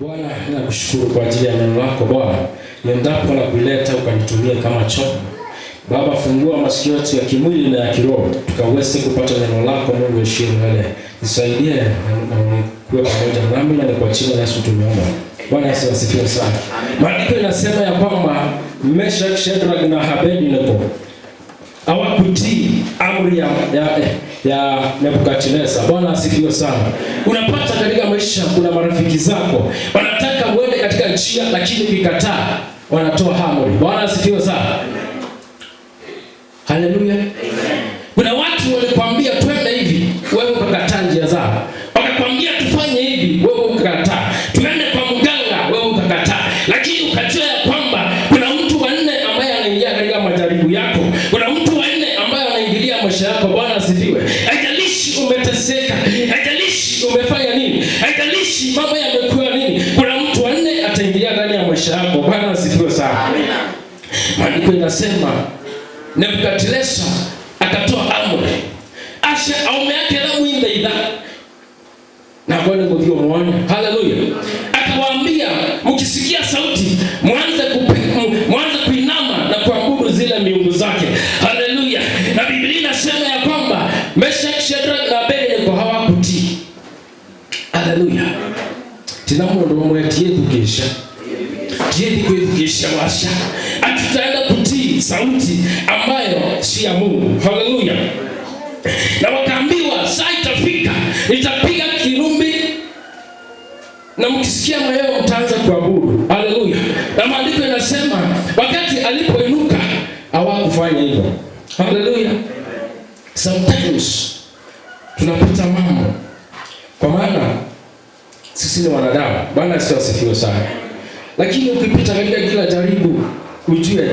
Bwana, nakushukuru kwa ajili ya neno lako Bwana, niendapo na kuleta ukanitumie kama chombo. Baba, fungua masikio yetu ya kimwili na ya kiroho, tukaweze kupata neno lako. Mungu heshima wewe, nisaidie na kuwe pamoja nami na kwa jina la Yesu tumeomba. Bwana Yesu asifiwe sana. Maandiko yanasema ya kwamba Meshaki, Shadraka na Abednego hawakutii amri ya, ya, eh ya Nebukadnezar. Bwana asifiwe sana. Unapata katika maisha, kuna marafiki zako wanataka uende katika njia, lakini ukikataa wanatoa amri. Bwana asifiwe sana. Haleluya. Maandiko inasema Nebukadneza akatoa amri ashe aume yake na mwinda ida na bwana mdio muone, haleluya. Akawaambia, mkisikia sauti mwanze kupiga, mwanze kuinama na kuabudu zile miungu zake, haleluya. Na Biblia inasema ya kwamba Meshaki, Shadraka na Abednego hawakutii, haleluya. Tina mundu mwetie tukisha, tie kisha washa atutaenda sauti ambayo si ya Mungu. Haleluya! Na wakaambiwa saa itafika, nitapiga kirumbi na mkisikia mayowe mtaanza kuabudu. Haleluya! Na maandiko yanasema wakati alipoinuka hawakufanya hivyo. Haleluya! Sometimes tunapita mambo kwa maana sisi ni wanadamu. Bwana asifiwe sana, lakini ukipita katika kila jaribu ujue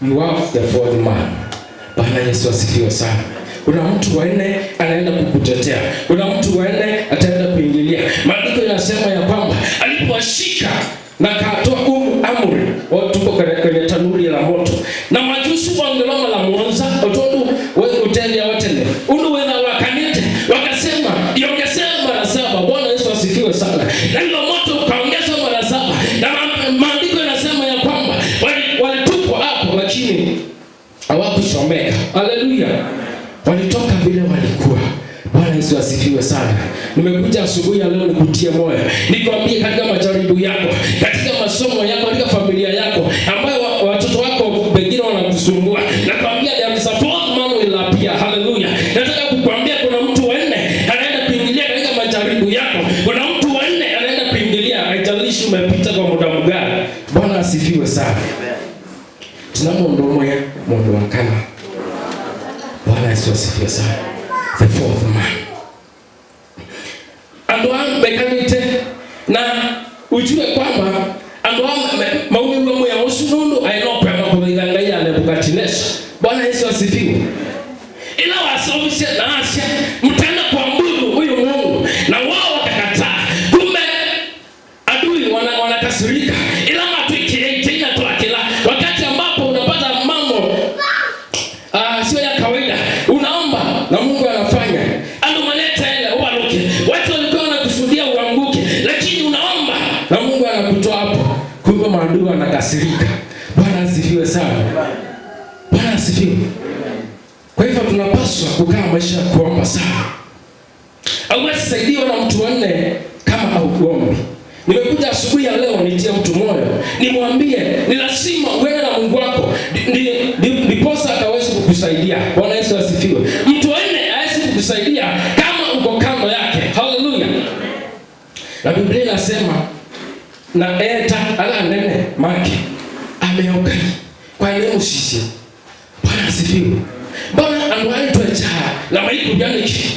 ni the fourth man. Bwana Yesu asifiwe sana. Kuna mtu wa nne anaenda kukutetea, kuna mtu wa nne ataenda kuingilia. Maandiko yanasema ya kwamba alipowashika na kato Nimekuja asubuhi ya leo nikutie moyo, nikwambie katika majaribu yako, katika masomo yako, katika familia yako ambayo watoto wako pengine wanakusumbua, nakwambia there is a fourth man will appear. Haleluya! Nataka kukwambia kuna mtu wanne anaenda kuingilia katika majaribu yako, kuna mtu wanne anaenda kuingilia, haijalishi umepita kwa muda mgani. Bwana asifiwe sana. Tunamo mondo ya mondo wakana. Bwana Yesu asifiwe sana. Would you unitie mtu moyo, nimwambie ni lazima wewe na Mungu wako ndiposa atawezi kukusaidia. Bwana Yesu asifiwe. Mtu wanne hawezi kukusaidia kama uko kando yake. Haleluya. Na Biblia inasema na eta ala nene maki ameoka kwa neno sisi. Bwana asifiwe. Bwana anwaitwa cha la maiku maikujanichi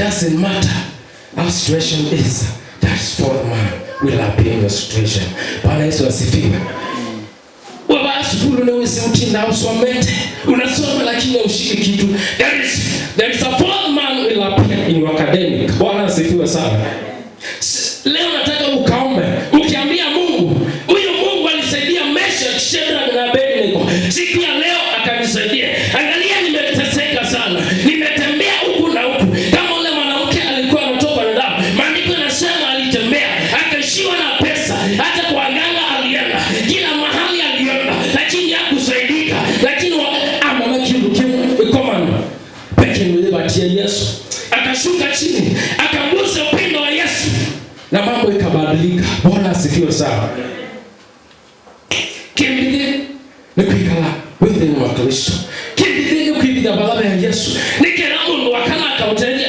doesn't matter how situation is, that fourth man will appear in your situation. Bwana Yesu asifiwe. Wabaya usomete. Unasoma lakini kitu. There is, there is a fourth man will appear in your academic. Bwana asifiwe sana. Leo nataka madhabati Yesu, akashuka chini, akagusa upindo wa Yesu na mambo ikabadilika. Bwana asifiwe sana. Kimbilini ni kuikala wewe ni wa Kristo, ni kwibitha mbagatha ya Yesu nikera mundu akana akautere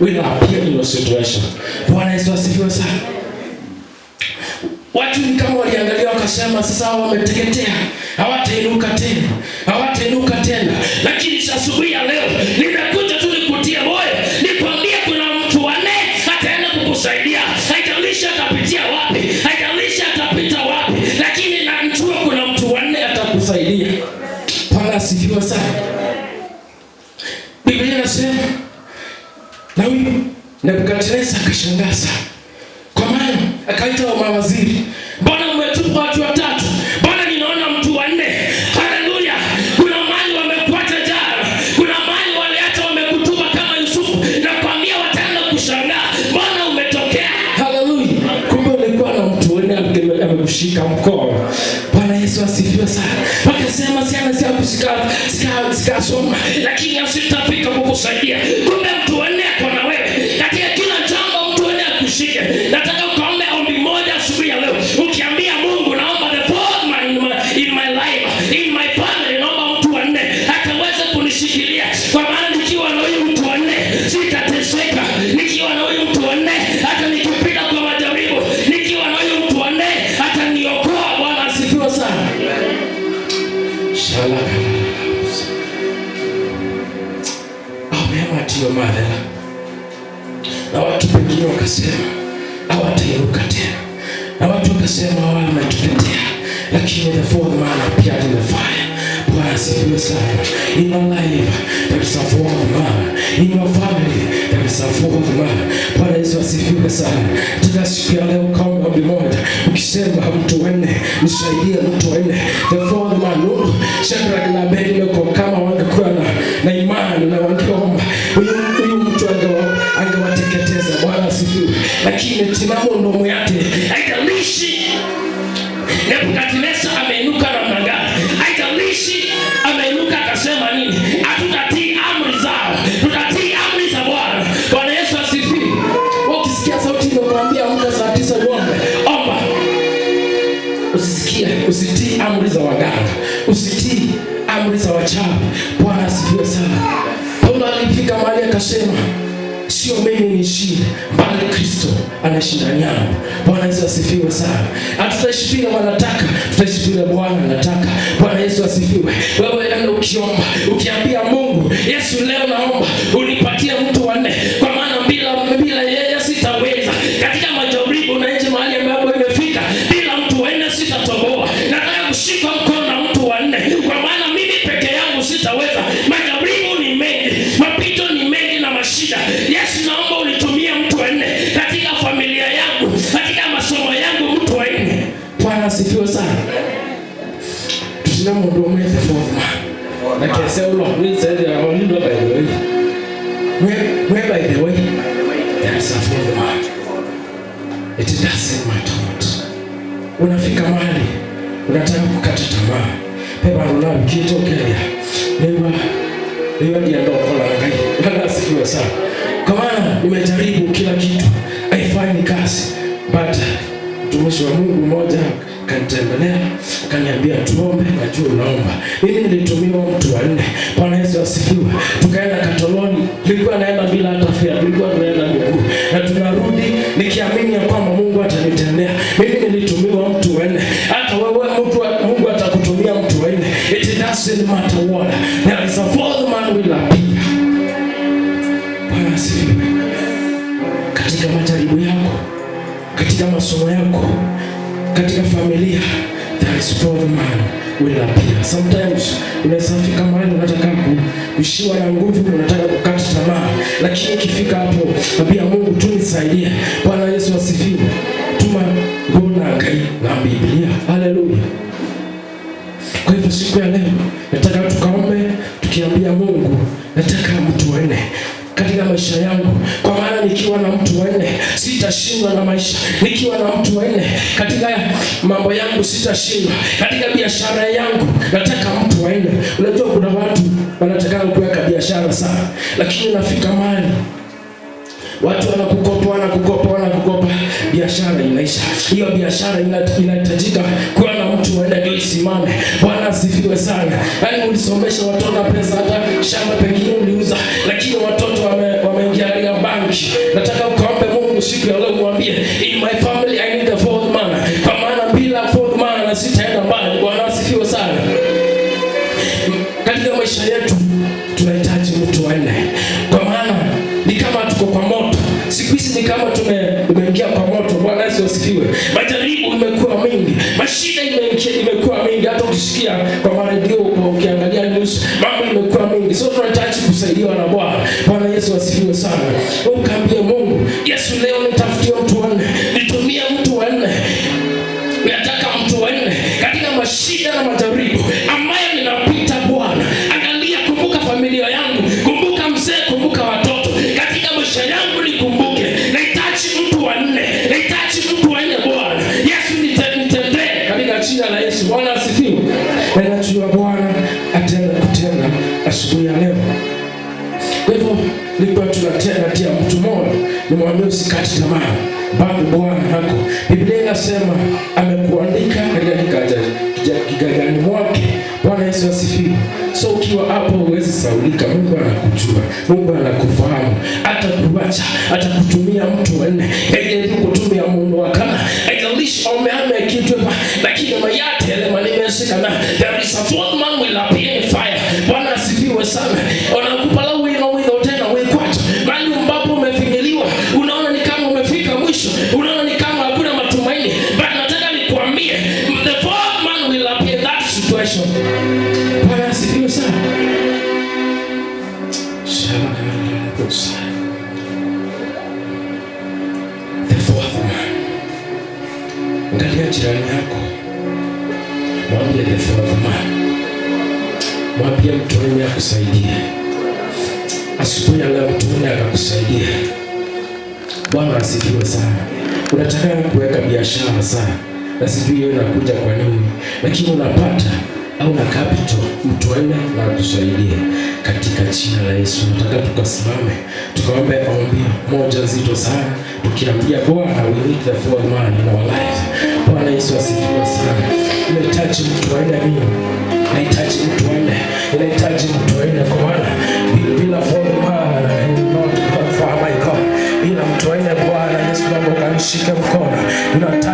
will appear in your situation. Bwana Yesu asifiwe sana. Watu ni kama waliangalia wakasema, sasa wameteketea, hawatainuka tena, hawatainuka tena, lakini sasa akashangaza Kwa maana akaita wa mawaziri, mbona umetupa watu watatu? Mbona ninaona mtu wanne? Haleluya! Kuna mali wamekuacha jana, kuna mali waliacha wamekutupa kama Yusufu, na kwambia kushangaa, mbona umetokea? Haleluya! Kumbe ulikuwa na mtu wanne amekushika mkono. Bwana Yesu asifiwe sana. Wakasema si anasikia sikasoma, lakini asitafika kukusaidia. Kumbe mtu akasema hawatairuka tena, na watu wakasema wao wametutetea, lakini the fourth man appeared in the fire. Bwana asifiwe sana. In your life there is a fourth man, in your family there is a fourth man. Bwana Yesu asifiwe sana. Tena siku ya leo kaomba mmoja ukisema mtu wenne, nisaidie mtu wenne, the fourth man. Shadrach na Abednego kama lakini msimamo mdomo yake anashinda nyama. Bwana Yesu asifiwe sana. Hatutashifia vile wanataka, tutashifia Bwana anataka. Bwana Yesu asifiwe. Wewe yaani ukiomba, ukiambia Mungu, Yesu leo naomba hiyo ndiyo loko la Mungu. Bwana asifiwe sana. Kwa maana nimejaribu kila kitu, haifanyi kazi. But mtumishi wa Mungu mmoja kanitembelea kaniambia, tuombe. Najua unaomba. Mimi nilitumiwa mtu wa nne. Bwana Yesu asifiwe. Tukaenda Katoloni, nilikuwa naenda bila hata fare, tulikuwa tunaenda miguu na tunarudi nikiamini ya kwamba Mungu atanitendea. Mimi nilitumiwa mtu wa nne. Hata wewe mtu, Mungu atakutumia mtu wa nne. It doesn't matter what. There is a asifiwe. Katika majaribu yako, katika masomo yako, katika familia, there is man will appear. Sometimes unaweza fika mahali unataka kuishiwa na nguvu, unataka kukata tamaa, lakini ikifika hapo nambia Mungu tu nisaidie. Bwana Yesu asifiwe. Tuma gona ngai na Biblia. Haleluya. Kwa hivyo siku ya leo nataka tukaombe tukiambia Mungu, nataka mtu wanne katika maisha yangu, kwa maana nikiwa na mtu wanne sitashindwa na maisha. Nikiwa na mtu wanne katika mambo yangu sitashindwa, katika biashara yangu nataka mtu wanne. Unajua kuna watu wanataka kuweka biashara sana, lakini nafika mahali watu wanakukopa, wanakukopa, wanakukopa, biashara inaisha. Hiyo biashara inahitajika kuwa na mtu waenda ndio isimame. Bwana asifiwe sana. Yaani ulisomesha watoto pesa, hata shamba pengine uliuza, lakini Nataka ukaombe Mungu siku ya leo, umwambie, in my family I need a fourth man, kwa maana bila fourth man na sitaenda mbali. Bwana asifiwe sana. Katika maisha yetu tunahitaji mtu wa nne, kwa maana ni kama tuko kwa moto siku hizi, ni kama tume umeingia kwa moto. Bwana asifiwe. Majaribu imekuwa mengi. mashida imekuwa mengi hata ukisikia kwa maana ndio ukiangalia news, mambo imekuwa mengi. so tunahitaji kusaidiwa na Bwana. shida na majaribu ambayo ninapita Bwana, angalia, kumbuka familia yangu, kumbuka mzee, kumbuka watoto katika maisha yangu, nikumbuke, nahitaji mtu wa nne, nahitaji mtu wa nne. Bwana Yesu, nitembee katika jina la Yesu. Bwana asifiwe. Anajua Bwana atenda kutenda asubuhi ya leo. Kwa hivyo nilikuwa tunatia mtu moyo, nimwambia usikate tamaa, bado Bwana hako. Biblia inasema Mungu anakufahamu, atakuacha, atakutumia mtu wanne, haijalishi kutumia wa wakana, haijalishi umehamia kitu, lakini mayate yale maneno yasikana Bwana asifiwe sana. Unataka kuweka biashara sana, na sijui yeye nakuja kwa nini, lakini unapata au na capital mtu aina na kusaidia katika jina la Yesu. Nataka tukasimame tukaombe ombi moja zito sana, tukiambia Bwana, we need the full man in our life. Bwana Yesu asifiwe sana. Unahitaji mtu aina mimi, unahitaji mtu aina, unahitaji mtu unashika mkono una